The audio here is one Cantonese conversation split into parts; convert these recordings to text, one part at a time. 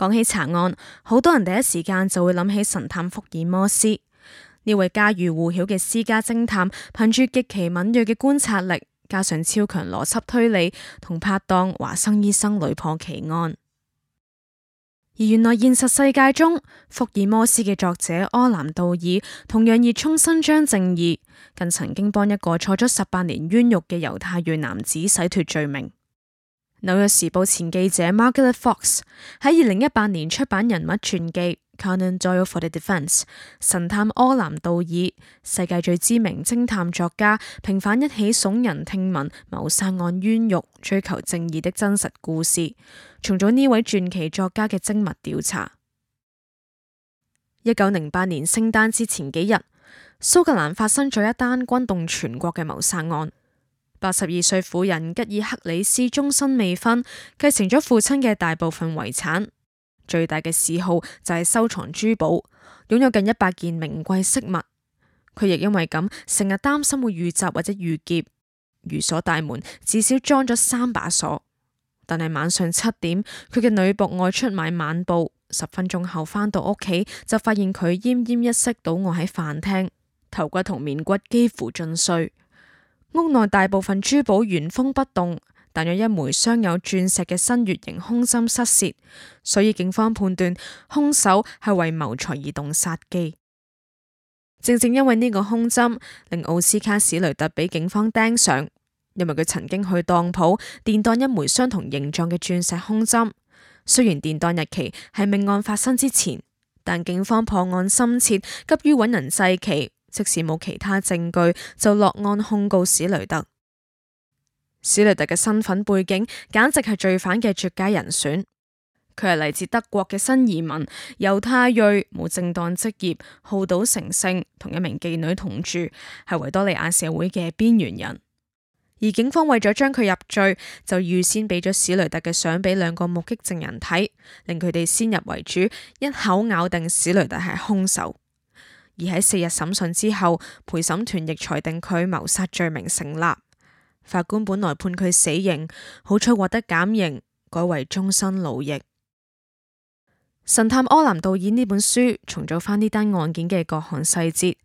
講起查案，好多人第一時間就會諗起神探福爾摩斯呢位家喻戶曉嘅私家偵探，憑住極其敏銳嘅觀察力，加上超強邏輯推理同拍檔華生醫生，屢破奇案。而原來現實世界中，福爾摩斯嘅作者柯南道爾同樣熱衷伸張正義，更曾經幫一個坐咗十八年冤獄嘅猶太裔男子洗脱罪名。紐約時報前記者 Margalit Fox 喺二零一八年出版人物傳記《Conan Doyle for the Defense》，神探柯南道爾，世界最知名偵探作家，平反一起聳人聽聞謀殺案冤獄，追求正義的真實故事，重組咗呢位傳奇作家嘅精密調查。一九零八年聖誕節前幾日，蘇格蘭發生咗一單轟動全國嘅謀殺案。八十二歲婦人吉爾克里斯終身未婚，繼承咗父親嘅大部分遺產。最大嘅嗜好就係收藏珠寶，擁有近一百件名貴飾物。佢亦因為咁成日擔心會遇襲或者遇劫，寓所大門至少裝咗三把鎖。但係晚上七點，佢嘅女僕外出買晚報，十分鐘後返到屋企就發現佢奄奄一息倒卧喺飯廳，頭骨同面骨幾乎盡碎。屋內大部分珠寶原封不動，但有一枚鑲有鑽石嘅新月形胸針失竊，所以警方判斷凶手係為謀財而動殺機。正正因為呢個胸針，令奧斯卡史雷特畀警方盯上，因為佢曾經去當鋪典當一枚相同形狀嘅鑽石胸針。雖然典當日期係命案發生之前，但警方破案心切，急於搵人祭旗。即使冇其他證據，就落案控告史雷特。史雷特嘅身份背景簡直係罪犯嘅絕佳人選。佢係嚟自德國嘅新移民，猶太裔，冇正當職業，好賭成性，同一名妓女同住，係維多利亞社會嘅邊緣人。而警方為咗將佢入罪，就預先俾咗史雷特嘅相俾兩個目擊證人睇，令佢哋先入為主，一口咬定史雷特係兇手。而喺四日審訊之後，陪審團亦裁定佢謀殺罪名成立。法官本來判佢死刑，好彩獲得減刑，改為終身勞役。神探柯南道爾呢本書重組翻呢單案件嘅各項細節，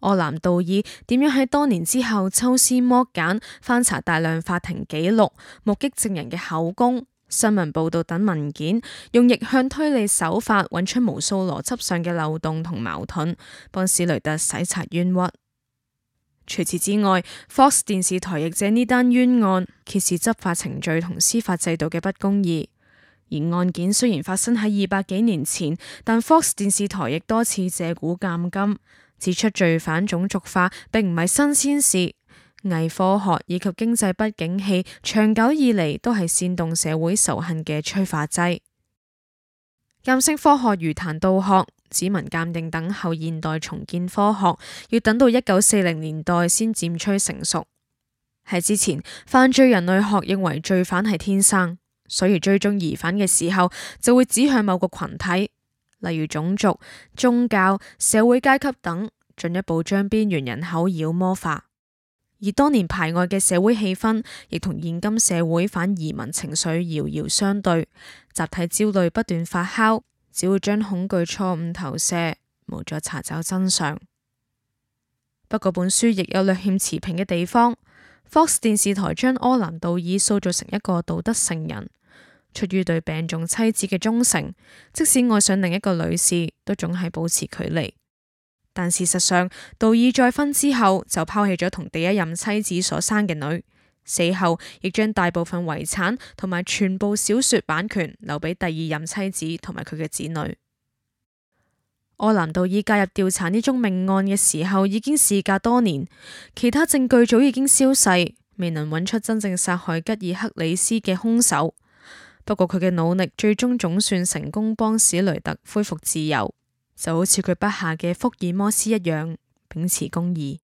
柯南道爾點樣喺多年之後抽絲剝繭，翻查大量法庭記錄、目擊證人嘅口供。新聞報道等文件，用逆向推理手法揾出無數邏輯上嘅漏洞同矛盾，幫史雷特洗刷冤屈。除此之外，Fox 電視台亦借呢單冤案揭示執法程序同司法制度嘅不公義。而案件雖然發生喺二百幾年前，但 Fox 電視台亦多次借古鑑今，指出罪犯種族化並唔係新鮮事。偽科學以及經濟不景氣，長久以嚟，都係煽動社會仇恨嘅催化劑。鑑識科學如彈道學、指紋鑑定等後現代重建科學，要等到一九四零年代先漸趨成熟。喺之前，犯罪人類學認為罪犯係天生，所以追蹤疑犯嘅時候就會指向某個群體，例如種族、宗教、社會階級等，進一步將邊緣人口妖魔化。而當年排外嘅社會氣氛，亦同現今社會反移民情緒遙遙相對，集體焦慮不斷發酵，只會將恐懼錯誤投射，無助查找真相。不過本書亦有略欠持平嘅地方，Fox 電視台將柯南道爾塑造成一個道德聖人，出於對病重妻子嘅忠誠，即使愛上另一個女士，都總係保持距離。但事實上，道爾再婚之後就拋棄咗同第一任妻子所生嘅女，死後亦將大部分遺產同埋全部小說版權留俾第二任妻子同埋佢嘅子女。柯南道爾介入調查呢宗命案嘅時候，已經事隔多年，其他證據早已經消逝，未能揾出真正殺害吉爾克里斯嘅凶手。不過佢嘅努力最終總算成功幫史雷特恢復自由。就好似佢筆下嘅福爾摩斯一樣，秉持公義。